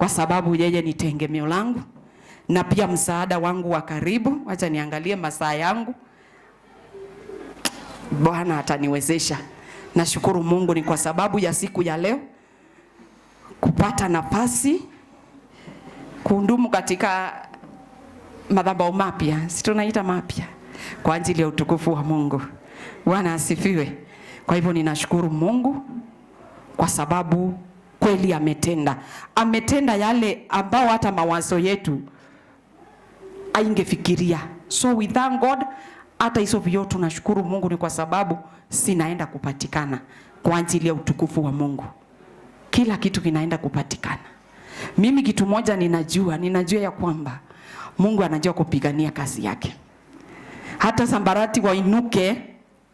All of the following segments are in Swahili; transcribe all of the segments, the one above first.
kwa sababu yeye ni tegemeo langu na pia msaada wangu wa karibu. Wacha niangalie masaa yangu, Bwana ataniwezesha. Nashukuru Mungu ni kwa sababu ya siku ya leo kupata nafasi kuhudumu katika madhabahu mapya, si tunaita mapya, kwa ajili ya utukufu wa Mungu. Bwana asifiwe. Kwa hivyo ninashukuru Mungu kwa sababu kweli ametenda, ametenda yale ambao hata mawazo yetu aingefikiria. So we thank God. Hata hizo vioo tunashukuru Mungu ni kwa sababu sinaenda kupatikana kwa ajili ya utukufu wa Mungu. Kila kitu kinaenda kupatikana. Mimi kitu moja ninajua, ninajua ya kwamba Mungu anajua kupigania kazi yake. Hata sambarati wainuke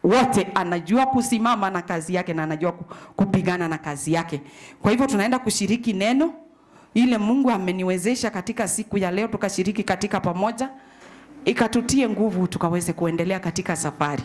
wote, anajua kusimama na kazi yake na anajua kupigana na kazi yake. Kwa hivyo tunaenda kushiriki neno ile Mungu ameniwezesha katika siku ya leo, tukashiriki katika pamoja, ikatutie nguvu tukaweze kuendelea katika safari.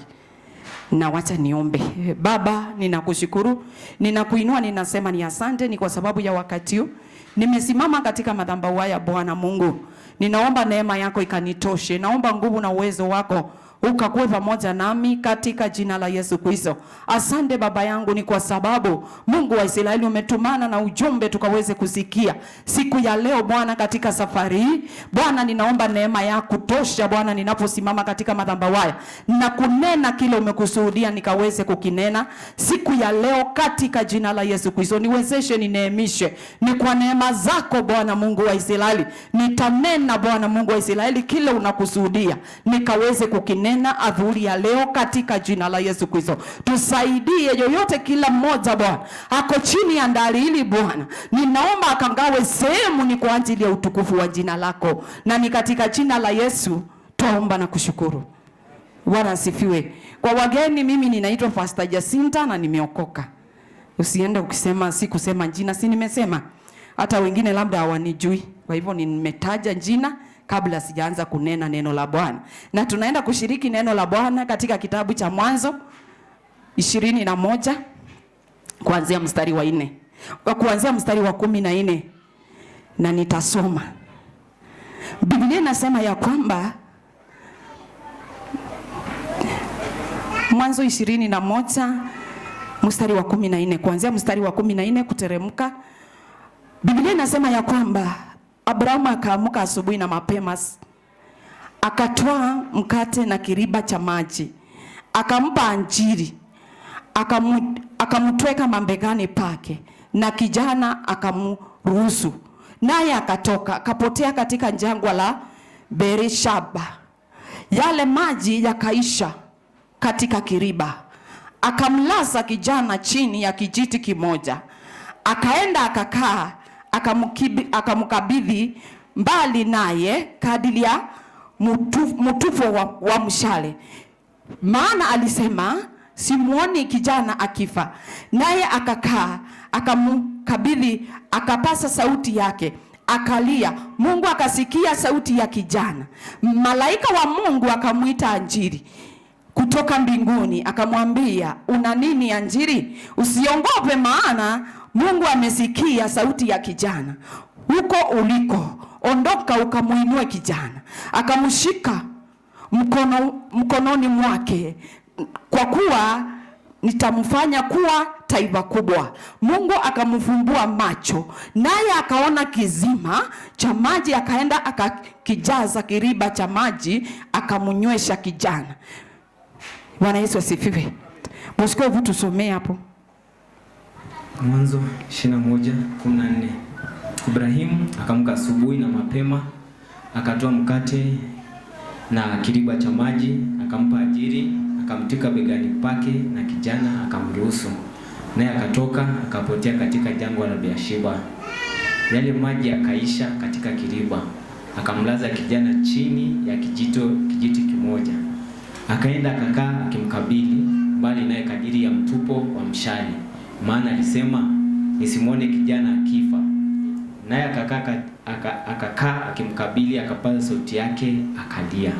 Na wacha niombe. Baba, ninakushukuru, ninakuinua, ninasema ni asante, ni kwa sababu ya wakati huu nimesimama katika madhabahu haya. Bwana Mungu, ninaomba neema yako ikanitoshe, naomba nguvu na uwezo wako ukakuwe pamoja nami katika jina la Yesu Kristo. Asante Baba yangu, ni kwa sababu Mungu wa Israeli umetumana na ujumbe tukaweze kusikia siku ya leo Bwana, katika safari hii Bwana, ninaomba neema ya kutosha Bwana, ninaposimama katika madhabahu haya na kunena kile umekusudia nikaweze kukinena siku ya leo katika jina la Yesu Kristo. Niwezeshe, nineemishe, ni kwa neema zako Bwana Mungu wa Israeli nitanena Bwana Mungu wa Israeli kile unakusudia nikaweze kukinena tena adhuri ya leo katika jina la Yesu Kristo. Tusaidie yoyote, kila mmoja Bwana ako chini ya ndari hili Bwana, ninaomba akangawe sehemu ni kwa ajili ya utukufu wa jina lako, na ni katika jina la Yesu twaomba na kushukuru. Bwana asifiwe. Kwa wageni, mimi ninaitwa Pastor Jacinta na nimeokoka. Usiende ukisema si kusema jina, si nimesema hata wengine labda hawanijui, kwa hivyo nimetaja jina kabla sijaanza kunena neno la Bwana, na tunaenda kushiriki neno la Bwana katika kitabu cha Mwanzo ishirini na moja kuanzia mstari wa nne kuanzia mstari wa kumi na nne na nitasoma. Biblia inasema ya kwamba Mwanzo ishirini na moja mstari wa kumi na nne kuanzia mstari wa kumi na nne kuteremka, Biblia inasema ya kwamba Abrahamu akaamuka asubuhi na mapema, akatoa mkate na kiriba cha maji, akampa Anjiri, akamtweka mambegani pake, na kijana akamruhusu naye akatoka akapotea katika jangwa la Bereshaba. Yale maji yakaisha katika kiriba, akamlaza kijana chini ya kijiti kimoja, akaenda akakaa akamkabidhi mbali naye kadili ya mtufo wa, wa mshale, maana alisema simuoni kijana akifa. Naye akakaa akamkabidhi, akapasa sauti yake akalia. Mungu akasikia sauti ya kijana. Malaika wa Mungu akamwita Anjiri kutoka mbinguni akamwambia, una nini Anjiri? Usiongope, maana Mungu amesikia sauti ya kijana huko uliko, ondoka ukamuinue kijana. Akamshika mkono, mkononi mwake, kwa kuwa nitamfanya kuwa taifa kubwa. Mungu akamfumbua macho, naye akaona kizima cha maji, akaenda akakijaza kiriba cha maji, akamnywesha kijana. Bwana Yesu asifiwe. vitu somea hapo. Mwanzo 21:14. Ibrahimu akamka asubuhi na mapema, akatoa mkate na kiriba cha maji, akampa ajiri akamtika begani pake, na kijana akamruhusu. Naye akatoka akapotea katika jangwa la biashiba Yale maji akaisha katika kiriba, akamlaza kijana chini ya kijito kijiti kimoja, akaenda akakaa akimkabili mbali naye kadiri ya mtupo wa mshale maana alisema nisimwone kijana akifa. Naye akakaa akakaa akimkabili, akapaza sauti yake, akalia.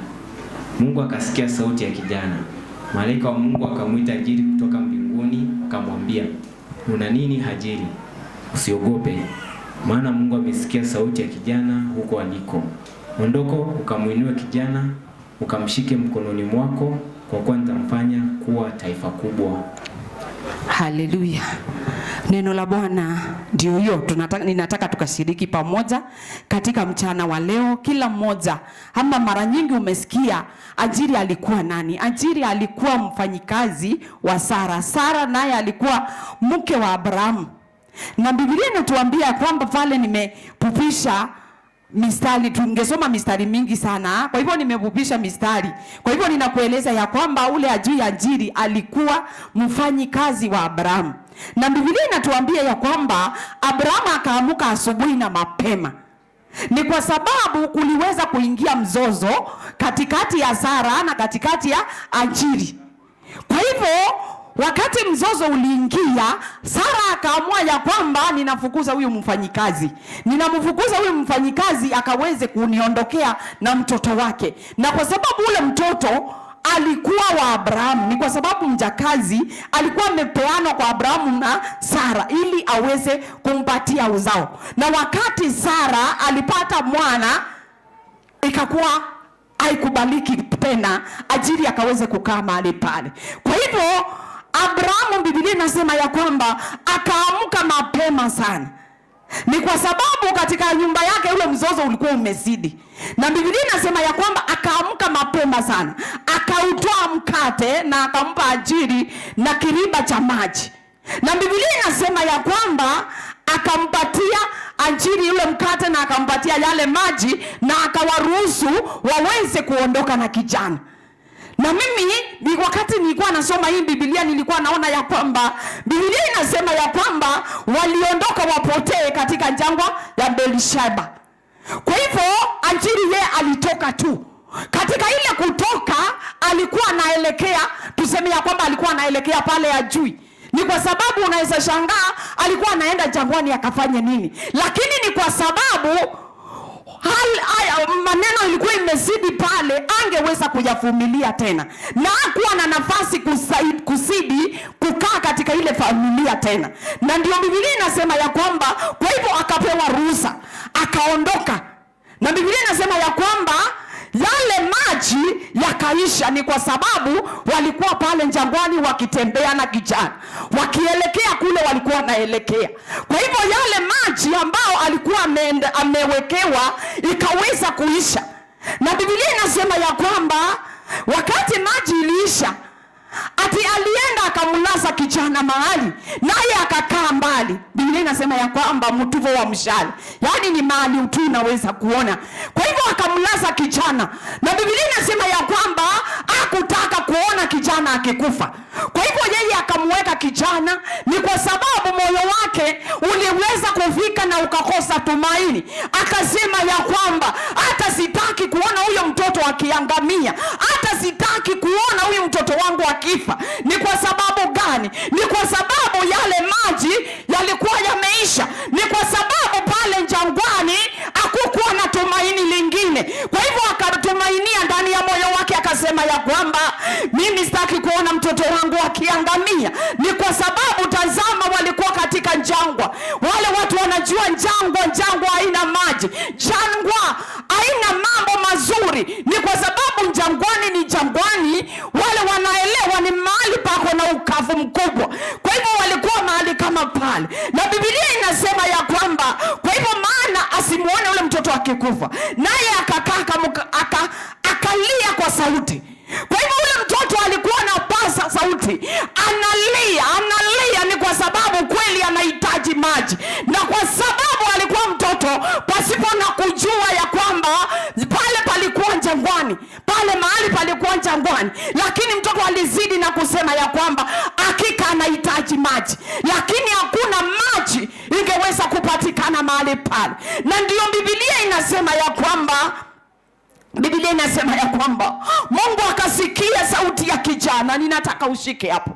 Mungu akasikia sauti ya kijana. Malaika wa Mungu akamwita Hajiri kutoka mbinguni, akamwambia, una nini Hajiri? Usiogope, maana Mungu amesikia sauti ya kijana huko aliko. Ondoko ukamwinue kijana, ukamshike mkononi mwako, kwa kuwa nitamfanya kuwa taifa kubwa. Haleluya. Neno la Bwana ndio hiyo, ninataka tukashiriki pamoja katika mchana wa leo. Kila mmoja ama mara nyingi umesikia Ajiri alikuwa nani? Ajiri alikuwa mfanyikazi wa Sara. Sara naye alikuwa mke wa Abrahamu, na Biblia inatuambia kwamba pale nimepupisha mistari tungesoma mistari mingi sana. Kwa hivyo nimevupisha mistari. Kwa hivyo ninakueleza ya kwamba ule ajui ajiri alikuwa mfanyi kazi wa Abrahamu, na Biblia inatuambia ya kwamba Abrahamu akaamuka asubuhi na mapema. Ni kwa sababu kuliweza kuingia mzozo katikati ya Sara na katikati ya Ajiri. Kwa hivyo Wakati mzozo uliingia, Sara akaamua ya kwamba ninafukuza huyu mfanyikazi, ninamfukuza huyu mfanyikazi akaweze kuniondokea na mtoto wake, na kwa sababu ule mtoto alikuwa wa Abrahamu, ni kwa sababu mjakazi alikuwa amepeanwa kwa Abrahamu na Sara ili aweze kumpatia uzao. Na wakati Sara alipata mwana, ikakuwa haikubaliki tena ajili akaweze kukaa mahali pale, kwa hivyo Abrahamu, Biblia inasema ya kwamba akaamka mapema sana ni kwa sababu katika nyumba yake ule mzozo ulikuwa umezidi, na Biblia inasema ya kwamba akaamka mapema sana, akautoa mkate na akampa Ajiri na kiriba cha maji, na Biblia inasema ya kwamba akampatia Ajiri yule mkate na akampatia yale maji, na akawaruhusu waweze kuondoka na kijana. Na mimi ni wakati nilikuwa nasoma hii Biblia nilikuwa naona ya kwamba Biblia inasema ya kwamba waliondoka wapotee katika jangwa ya Belisheba. Kwa hivyo ajiri yeye alitoka tu. Katika ile kutoka alikuwa anaelekea, tuseme ya kwamba alikuwa anaelekea pale ajui. Ni kwa sababu unaweza shangaa alikuwa anaenda jangwani akafanye nini? Lakini ni kwa sababu hali, maneno ilikuwa imezidi pale, angeweza kuyavumilia tena na hakuwa na nafasi kusidi kukaa katika ile familia tena, na ndio Biblia inasema ya kwamba kwa hivyo akapewa ruhusa akaondoka, na Biblia inasema ya kwamba yale maji yakaisha. Ni kwa sababu walikuwa pale jangwani wakitembea na kijana wakiele anaelekea. Kwa hivyo yale maji ambayo alikuwa amewekewa ikaweza kuisha, na Biblia inasema ya kwamba wakati maji iliisha Ati alienda akamlaza kijana mahali naye akakaa mbali. Biblia inasema ya kwamba mtuvo wa mshale, yaani ni mahali tu unaweza kuona. Kwa hivyo akamlaza kijana, na Biblia inasema ya kwamba hakutaka kuona kijana akikufa. Kwa hivyo yeye akamweka kijana, ni kwa sababu moyo wake uliweza kufika na ukakosa tumaini. Akasema ya kwamba hata sitaki kuona huyo mtoto akiangamia, hata sitaki kuona huyu mtoto wangu akiangamia akifa. Ni kwa sababu gani? Ni kwa sababu mtoto alizidi na kusema ya kwamba hakika anahitaji maji, lakini hakuna maji ingeweza kupatikana mahali pale, na ndiyo bibilia inasema ya kwamba bibilia inasema ya kwamba Mungu akasikia sauti ya kijana. Ninataka ushike hapo,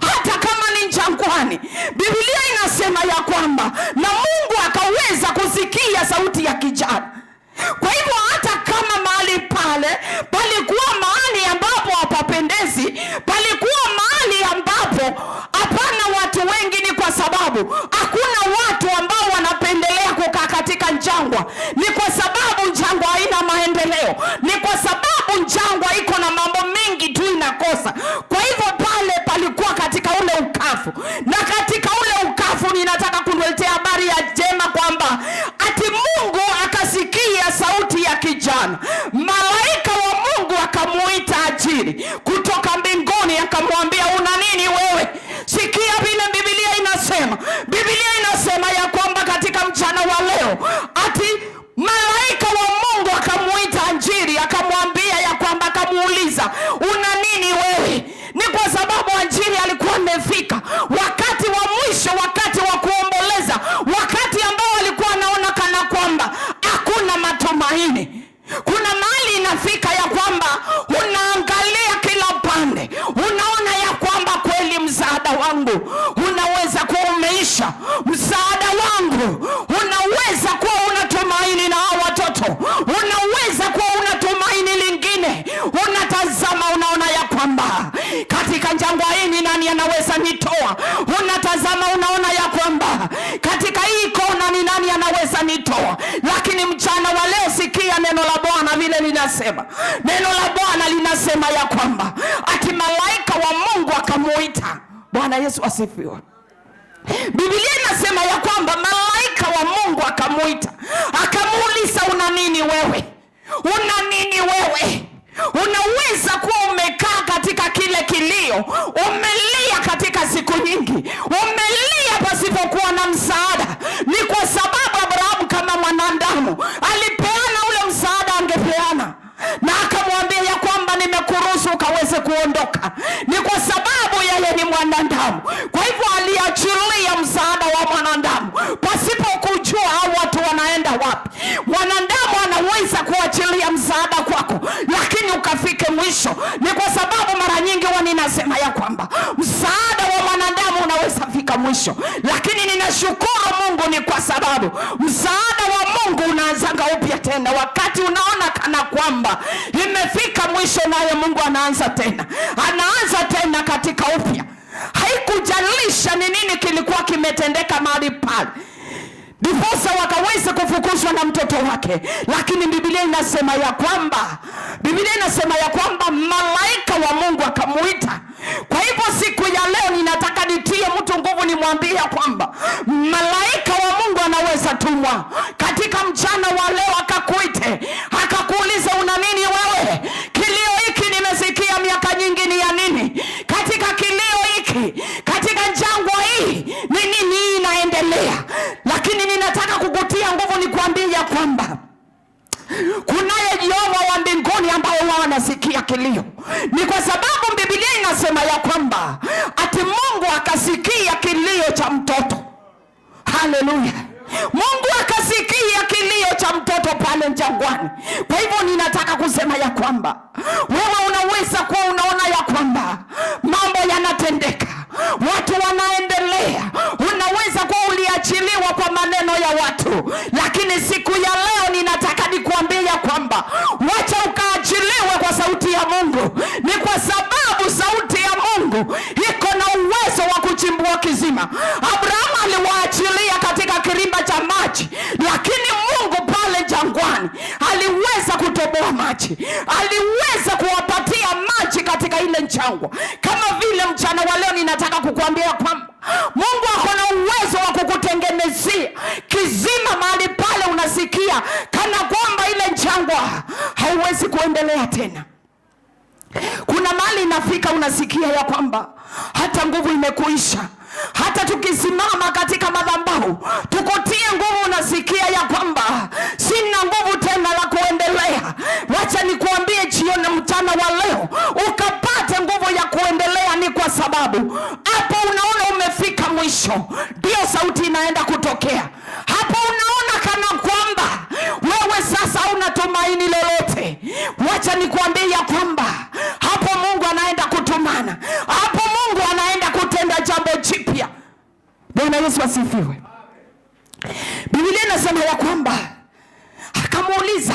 hata kama ni jangwani. bibilia inasema ya kwamba na Mungu akaweza kusikia sauti ya kijana. Kwa hivyo hata kama mahali pale palikuwa hapendezi, palikuwa mahali ambapo hapana watu wengi, ni kwa sababu hakuna watu ambao wanapendelea kukaa katika Njangwa, ni kwa sababu Njangwa haina maendeleo, ni kwa sababu Njangwa iko na mambo mengi tu inakosa. Kwa hivyo pale palikuwa katika ule ukafu na hawaweza nitoa, lakini mchana wa leo sikia neno la Bwana vile linasema. Neno la Bwana linasema ya kwamba ati malaika wa Mungu akamuita. Bwana Yesu asifiwe. Biblia inasema ya kwamba malaika wa Mungu akamuita, akamuuliza una nini wewe? Una nini wewe? Unaweza kuwa umekaa katika kile kilio, umelia katika siku nyingi, umelia pasipokuwa na msaada, ni kwa sababu mwanadamu. Alipeana ule msaada angepeana, na akamwambia ya kwamba nimekuruhusu ukaweze kuondoka, ni kwa sababu yeye ni mwanadamu. Kwa hivyo aliachilia msaada wa mwanadamu pasipo kujua au watu wanaenda wapi. Mwanadamu anaweza kuachilia msaada kwako, lakini ukafike mwisho. Ni kwa sababu mara nyingi huwa ninasema ya kwamba msaada wa mwanadamu unaweza mwisho, lakini ninashukuru Mungu ni kwa sababu msaada wa Mungu unaanzanga upya tena, wakati unaona kana kwamba imefika mwisho, naye Mungu anaanza tena, anaanza tena katika upya. Haikujalisha ni nini kilikuwa kimetendeka mahali pale Diposa wakaweza kufukuzwa na mtoto wake, lakini Biblia inasema ya kwamba Biblia inasema ya kwamba malaika wa Mungu akamuita kwa hivyo siku ya leo ninataka nitie mtu nguvu, nimwambia kwamba malaika wa Mungu anaweza tumwa katika mchana wa leo, akakuite akakuuliza, una nini wewe? Kilio hiki nimesikia miaka nyingi ni ya nini? Katika kilio hiki, katika jangwa hii ni nini inaendelea? Lakini ninataka kukutia nguvu, ya kwamba kunaye Jehova wa mbinguni ambaye wao wanasikia kilio, ni kwa sababu Haleluya. Mungu akasikia kilio cha mtoto pale jangwani. Kwa hivyo ninataka kusema ya kwamba wa leo ninataka kukuambia kwamba Mungu ako na uwezo wa kukutengenezea kizima mahali pale unasikia kana kwamba ile njangwa hauwezi kuendelea tena. Kuna mali inafika unasikia ya kwamba hata nguvu imekuisha. Hata tukisimama katika madhabahu tukutie nguvu, unasikia ya kwamba sina nguvu tena la kuendelea. Wacha nikuambie, jioni mchana wa leo uka kwa sababu hapo unaona umefika mwisho, ndiyo sauti inaenda kutokea hapo. Unaona kana kwamba wewe sasa una tumaini lolote, wacha nikwambie ya kwamba hapo Mungu anaenda kutumana, hapo Mungu anaenda kutenda jambo jipya. Bwana Yesu asifiwe. Biblia inasema ya kwamba akamuuliza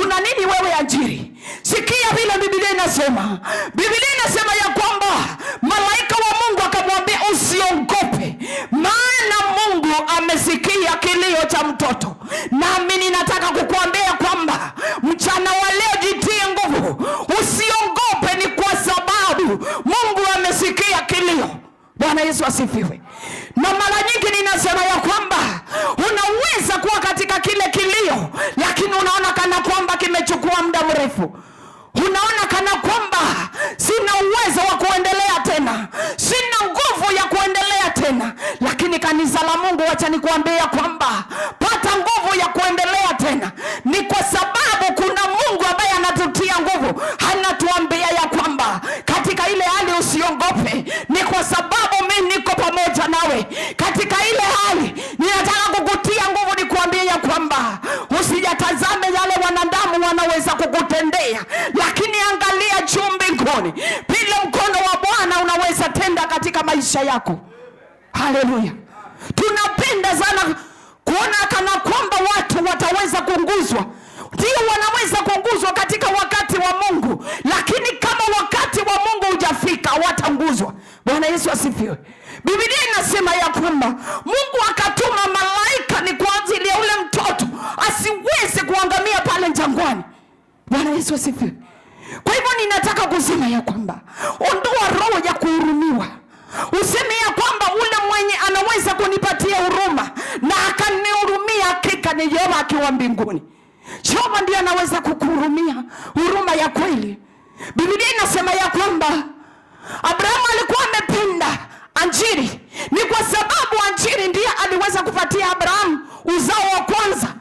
Una nini wewe ajiri Sikia vile Biblia inasema. Biblia inasema ya kwamba malaika wa Mungu akamwambia usiogope, maana Mungu amesikia kilio cha mtoto. Nami ninataka kukuambia kwamba mchana wa leo jitie nguvu, usiogope, ni kwa sababu Mungu amesikia kilio. Bwana Yesu asifiwe. yako. Haleluya! tunapenda sana kuona kana kwamba watu wataweza kuunguzwa. Ndio, wanaweza kuunguzwa katika wakati wa Mungu, lakini kama wakati wa Mungu hujafika watanguzwa. Bwana Yesu asifiwe. Biblia inasema ya kwamba Mungu akatuma malaika ni kwa ajili ya ule mtoto asiweze kuangamia pale jangwani. Bwana Yesu asifiwe. Kwa hivyo ninataka kusema ya kwamba ondoa roho ya kuhurumiwa useme ya kwamba ule mwenye anaweza kunipatia huruma na akanihurumia, hakika ni Yehova akiwa mbinguni. Yehova ndiye anaweza kukuhurumia huruma ya kweli. Biblia inasema ya kwamba Abrahamu alikuwa amependa Anjiri, ni kwa sababu Anjiri ndiye aliweza kupatia Abrahamu uzao wa kwanza.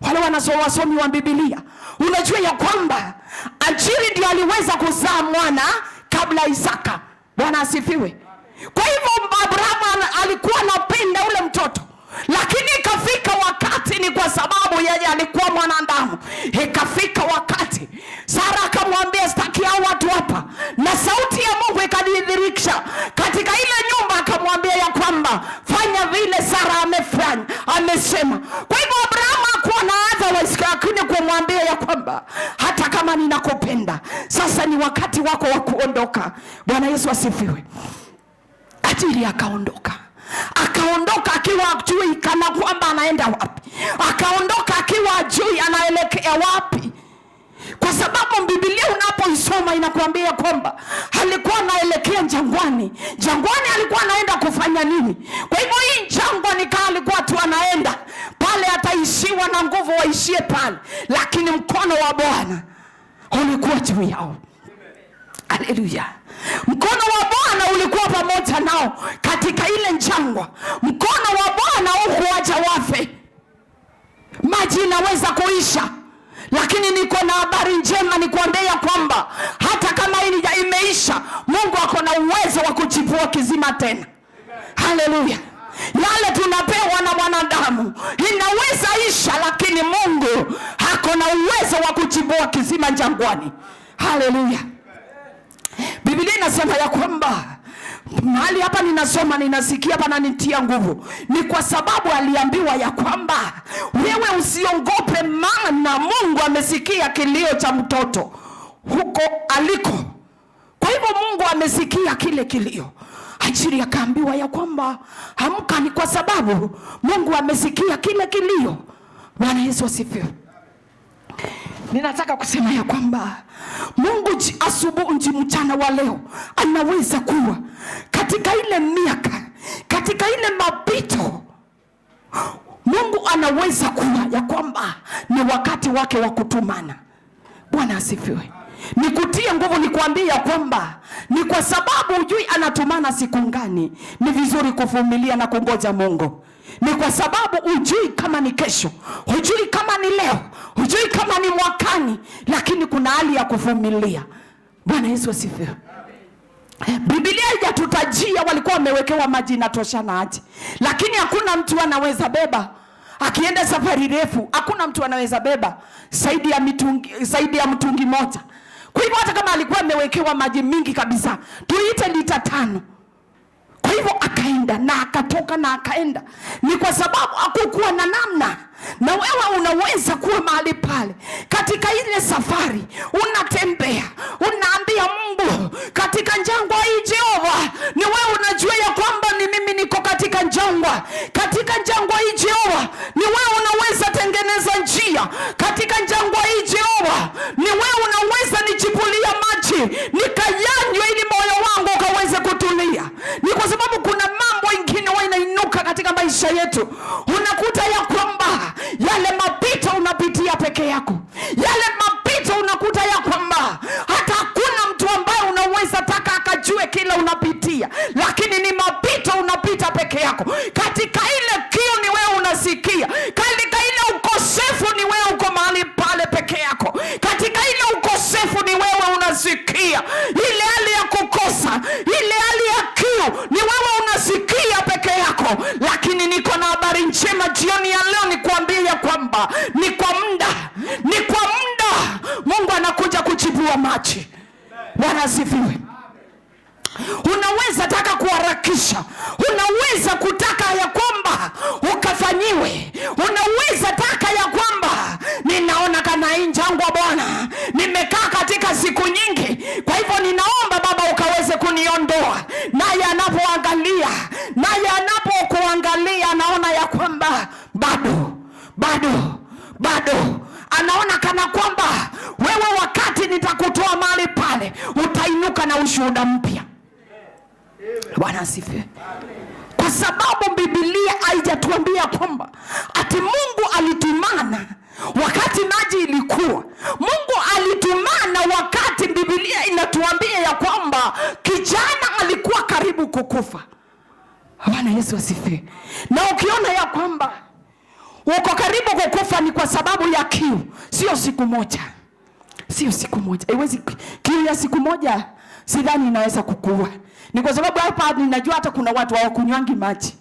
Wale wanasowasomi wa Biblia, unajua ya kwamba Anjiri ndiye aliweza kuzaa mwana kabla Isaka. Bwana asifiwe. Kwa hivyo Abrahamu alikuwa anapenda ule mtoto, lakini ikafika wakati, ni kwa sababu yeye alikuwa mwanadamu. Ikafika wakati Sara akamwambia sitaki hao watu hapa, na sauti ya Mungu ikajidhihirisha katika ile nyumba, akamwambia ya kwamba fanya vile Sara amefanya amesema. Kwa hivyo Abrahamu hakuwa na adha, lakini kumwambia ya kwamba hata kama ninakupenda, sasa ni wakati wako wa kuondoka. Bwana Yesu asifiwe tajiri akaondoka akaondoka akiwa jui kana kwamba anaenda wapi, akaondoka akiwa jui anaelekea wapi, kwa sababu bibilia unapoisoma inakuambia kwamba alikuwa anaelekea jangwani. Jangwani alikuwa anaenda kufanya nini? Kwa hivyo hii jangwa nikaa alikuwa tu anaenda pale, ataishiwa na nguvu, waishie pale, lakini mkono wa Bwana ulikuwa juu yao. Haleluya! Mkono wa Bwana ulikuwa pamoja nao katika ile njangwa. Mkono wa Bwana hukuacha wafe. Maji inaweza kuisha, lakini niko na habari njema nikuambia ya kwamba hata kama hii imeisha, Mungu ako na uwezo wa kuchipua kizima tena. Haleluya! Yale tunapewa na mwanadamu inaweza isha, lakini Mungu ako na uwezo wa kuchipua kizima jangwani. Haleluya! Biblia inasema ya kwamba mahali hapa ninasoma ninasikia hapa nanitia nguvu, ni kwa sababu aliambiwa ya kwamba wewe usiongope maana Mungu amesikia kilio cha mtoto huko aliko. Kwa hivyo Mungu amesikia kile kilio. Ajiri akaambiwa ya kwamba amka, ni kwa sababu Mungu amesikia kile kilio. Bwana Yesu asifiwe. Ninataka kusema ya kwamba Mungu asubuhi nji mchana wa leo anaweza kuwa katika ile miaka, katika ile mapito, Mungu anaweza kuwa ya kwamba ni wakati wake wa kutumana. Bwana asifiwe. Nikutie nguvu, nikuambie ya kwamba ni kwa sababu ujui anatumana siku ngani. Ni vizuri kuvumilia na kungoja Mungu ni kwa sababu hujui kama ni kesho, hujui kama ni leo, hujui kama ni mwakani, lakini kuna hali ya kuvumilia. Bwana Yesu asifiwe. bibilia ijatutajia walikuwa wamewekewa maji inatoshana aje, lakini hakuna mtu anaweza beba akienda safari refu, hakuna mtu anaweza beba zaidi ya mitungi, zaidi ya mtungi moja. Kwa hivyo hata kama alikuwa amewekewa maji mingi kabisa, tuite lita tano kwa hivyo akaenda na akatoka na akaenda, ni kwa sababu hakukuwa na namna. Na wewe unaweza kuwa mahali pale katika ile safari, unatembea unaambia Mungu katika njangwa hii, Jehova, ni wewe unajua ya kwamba ni mimi niko katika njangwa, katika njangwa hii Jehova, ni wewe unaweza tengeneza njia katika njangwa hii Jehova, ni wewe unaweza nichipulia maji nikaya maisha yetu, unakuta ya kwamba yale mapito unapitia peke yako, yale ni kwa muda, ni kwa muda. Mungu anakuja kuchibua maji. Bwana asifiwe. Yesu asifiwe. Na ukiona ya kwamba uko karibu kukufa ni kwa sababu ya kiu, sio siku moja, sio siku moja, haiwezi. Kiu ya siku moja sidhani inaweza kukua. Ni kwa sababu hapa ninajua hata kuna watu hawakunywangi maji,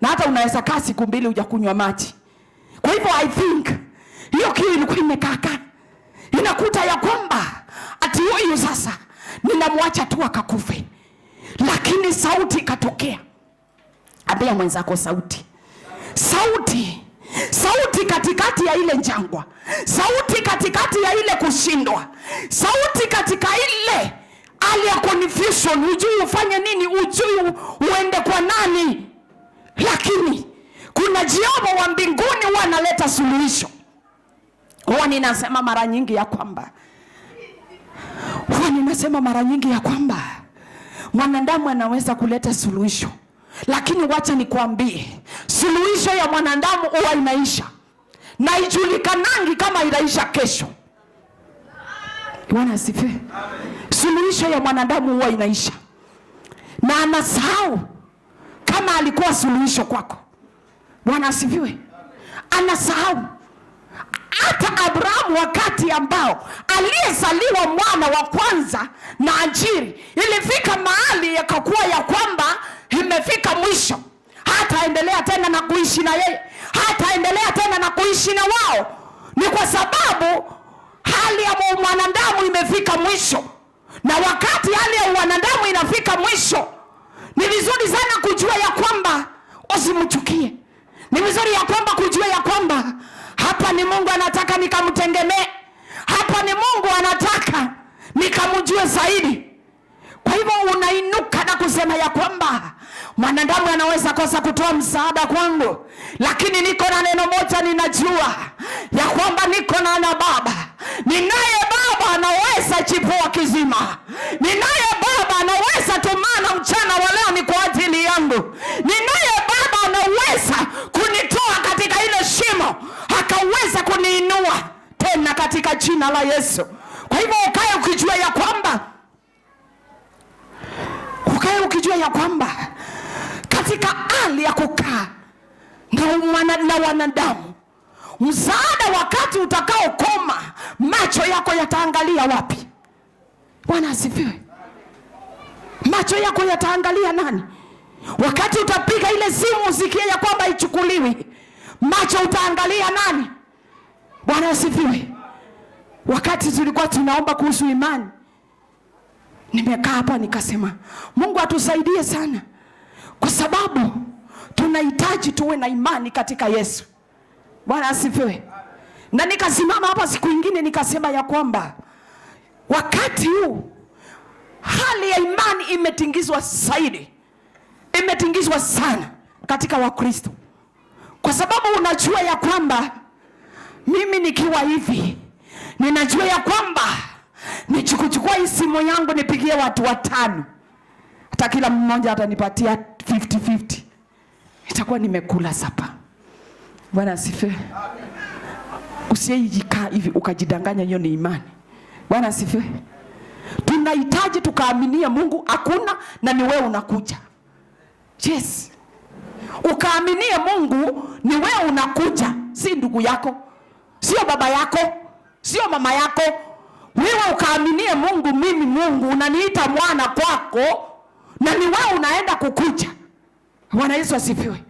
na hata unaweza kaa siku mbili hujakunywa maji. Kwa hivyo I think hiyo kiu ilikuwa imekaakaa, inakuta ya kwamba ati huyu sasa ninamwacha tu akakufe, lakini sauti ikatokea Ambia mwenzako sauti, sauti, sauti katikati ya ile njangwa, sauti katikati ya ile kushindwa, sauti katika ile hali ya confusion, hujui ufanye nini, hujui uende kwa nani, lakini kuna Jehova wa mbinguni huwa analeta suluhisho. Huwa ninasema mara nyingi ya kwamba huwa ninasema mara nyingi ya kwamba mwanadamu anaweza kuleta suluhisho lakini wacha nikwambie, suluhisho ya mwanadamu huwa inaisha na ijulikanangi kama inaisha kesho. Bwana asifiwe. Suluhisho ya mwanadamu huwa inaisha na anasahau kama alikuwa suluhisho kwako. Bwana asifiwe, anasahau hata Abrahamu wakati ambao aliyezaliwa mwana wa kwanza na Ajiri ilifika mahali yakakuwa ya kwamba imefika mwisho, hataendelea tena na kuishi na yeye, hataendelea tena na kuishi na wao. Ni kwa sababu hali ya mwanadamu imefika mwisho, na wakati hali ya mwanadamu inafika mwisho, ni vizuri sana kujua ya kwamba usimchukie ni Mungu anataka nikamtengemee hapa ni Mungu anataka nikamjue zaidi. Kwa hivyo unainuka na kusema ya kwamba mwanadamu anaweza kosa kutoa msaada kwangu, lakini niko na neno moja, ninajua ya kwamba niko na na Baba, ninaye Baba anaweza chipua kizima, ninaye Baba anaweza tumana mchana wa leo ni kwa ajili yangu ninaye kuinua tena katika jina la Yesu. Kwa hivyo ukae ukijua ya kwamba ukae ukijua ya kwamba katika hali ya kukaa na umana, na wanadamu, msaada wakati utakaokoma, macho yako yataangalia wapi? Bwana asifiwe. Macho yako yataangalia nani? Wakati utapiga ile simu usikie ya kwamba ichukuliwi, macho utaangalia nani? Bwana asifiwe. Wakati tulikuwa tunaomba kuhusu imani, nimekaa hapa nikasema, Mungu atusaidie sana, kwa sababu tunahitaji tuwe na imani katika Yesu. Bwana asifiwe. Na nikasimama hapa siku ingine nikasema ya kwamba wakati huu hali ya imani imetingizwa zaidi, imetingizwa sana katika Wakristo, kwa sababu unajua ya kwamba mimi nikiwa hivi ninajua ya kwamba nichukuchukua hii simu yangu nipigie watu watano, hata kila mmoja atanipatia 50 50, itakuwa nimekula sapa. Bwana asifiwe. Usiejikaa hivi ukajidanganya, hiyo ni imani. Bwana asifiwe. Tunahitaji tukaaminie Mungu hakuna na ni wewe unakuja. Yes, ukaaminie Mungu ni wewe unakuja, si ndugu yako sio baba yako, sio mama yako. Wewe ukaaminie Mungu, mimi Mungu unaniita mwana kwako, na ni wewe unaenda kukuja. Bwana Yesu asifiwe.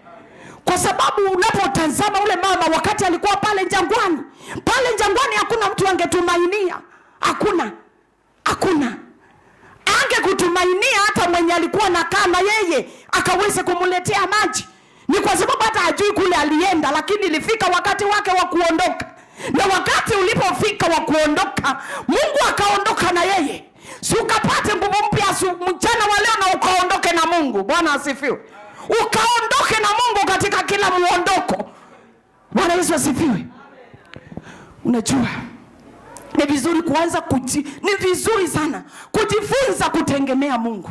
Kwa sababu unapotazama ule mama wakati alikuwa pale jangwani, pale jangwani hakuna mtu angetumainia, hakuna hakuna angekutumainia hata mwenye alikuwa nakaa na yeye akaweze kumletea maji, ni kwa sababu hata ajui kule alienda, lakini ilifika wakati wake wa kuondoka na wakati ulipofika wa kuondoka, Mungu akaondoka na yeye, si ukapate nguvu mpya mchana wa leo na ukaondoke na Mungu. Bwana asifiwe! Ukaondoke na Mungu katika kila muondoko. Bwana Yesu asifiwe. Unajua ni vizuri kuanza kuji, ni vizuri sana kujifunza kutegemea Mungu.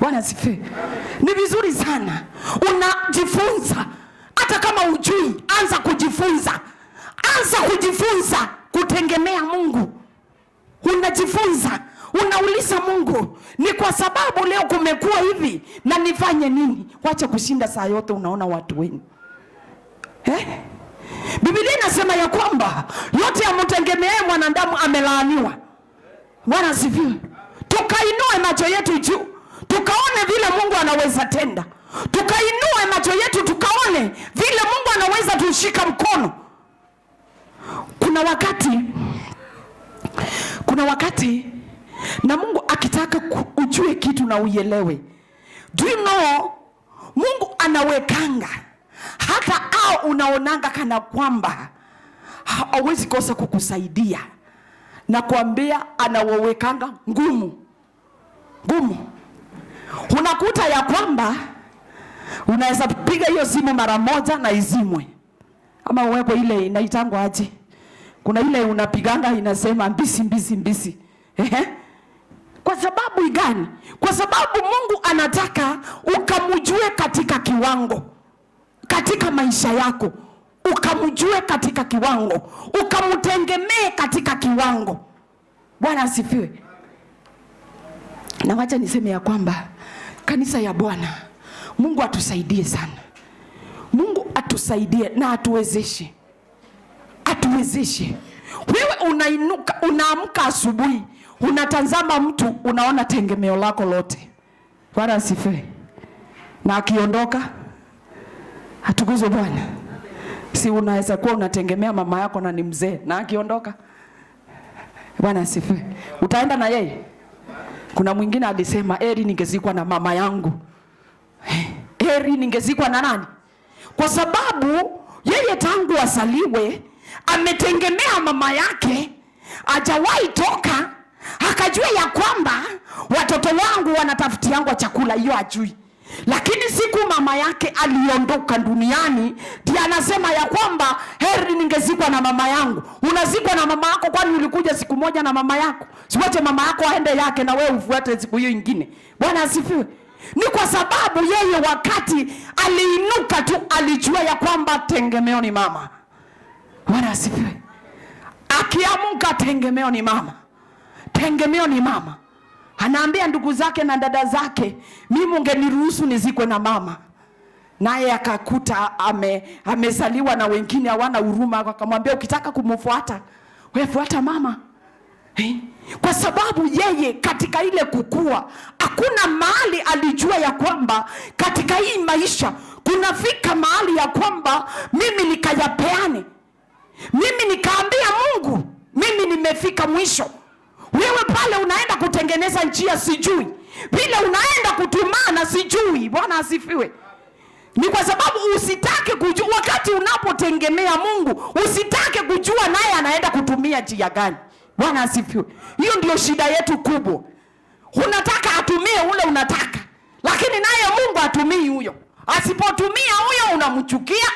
Bwana asifiwe. Ni vizuri sana unajifunza kama ujui, anza kujifunza, anza kujifunza kutengemea Mungu. Unajifunza, unauliza Mungu, ni kwa sababu leo kumekuwa hivi na nifanye nini? Wacha kushinda saa yote unaona watu wengi eh? Biblia inasema ya kwamba yote yamtegemeaye mwanadamu amelaaniwa. Bwana asifiwe. Tukainue macho yetu juu tukaone vile Mungu anaweza tenda tukainue macho yetu tukaone vile Mungu anaweza tushika mkono. Kuna wakati, kuna wakati na Mungu akitaka ujue kitu na uielewe. Do you know, Mungu anawekanga hata au unaonanga kana kwamba hawezi kosa kukusaidia na kuambia, anawawekanga ngumu ngumu, unakuta ya kwamba Unaweza piga hiyo simu mara moja na izimwe, ama uwepo ile inaitangwa aje? Kuna ile unapiganga inasema mbisi mbisi mbisi. Ehe. Kwa sababu gani? Kwa sababu Mungu anataka ukamjue katika kiwango, katika maisha yako ukamjue katika kiwango, ukamtengemee katika kiwango. Bwana asifiwe. Na wacha niseme ya kwamba kanisa ya Bwana Mungu atusaidie sana, Mungu atusaidie na atuwezeshe, atuwezeshe. Wewe unainuka unaamka asubuhi, unatazama mtu, unaona tegemeo lako lote. Bwana asifiwe. Na akiondoka atukuzwe Bwana. Si unaweza kuwa unategemea mama yako na ni mzee, na akiondoka Bwana asifiwe, utaenda na yeye. Kuna mwingine alisema, eri ningezikwa na mama yangu heri ningezikwa na nani? Kwa sababu yeye tangu asaliwe ametengemea mama yake, hajawahi toka akajua ya kwamba watoto wangu wanatafutiangwa chakula, hiyo ajui. Lakini siku mama yake aliondoka duniani, ndiye anasema ya kwamba heri ningezikwa na mama yangu. Unazikwa na mama yako? Kwani ulikuja siku moja na mama yako? Siwache mama yako aende yake na wewe ufuate siku hiyo ingine. Bwana asifiwe. Ni kwa sababu yeye wakati aliinuka tu alijua ya kwamba tengemeo ni mama. Bwana asifiwe. Akiamuka tengemeo ni mama, tengemeo ni mama. Anaambia ndugu zake na dada zake, mimi mungeniruhusu nizikwe na mama naye akakuta ame, amezaliwa na wengine hawana huruma. Akamwambia ukitaka kumfuata wefuata mama eh? Kwa sababu yeye katika ile kukua hakuna mahali alijua ya kwamba katika hii maisha kunafika mahali ya kwamba mimi nikayapeane, mimi nikaambia Mungu mimi nimefika mwisho. Wewe pale unaenda kutengeneza njia, sijui vile unaenda kutumana, sijui. Bwana asifiwe. Ni kwa sababu usitake kujua, wakati unapotengemea Mungu usitake kujua naye anaenda kutumia njia gani. Bwana asifiwe. Hiyo ndio shida yetu kubwa unataka atumie ule unataka, lakini naye Mungu atumii huyo. Asipotumia huyo unamchukia,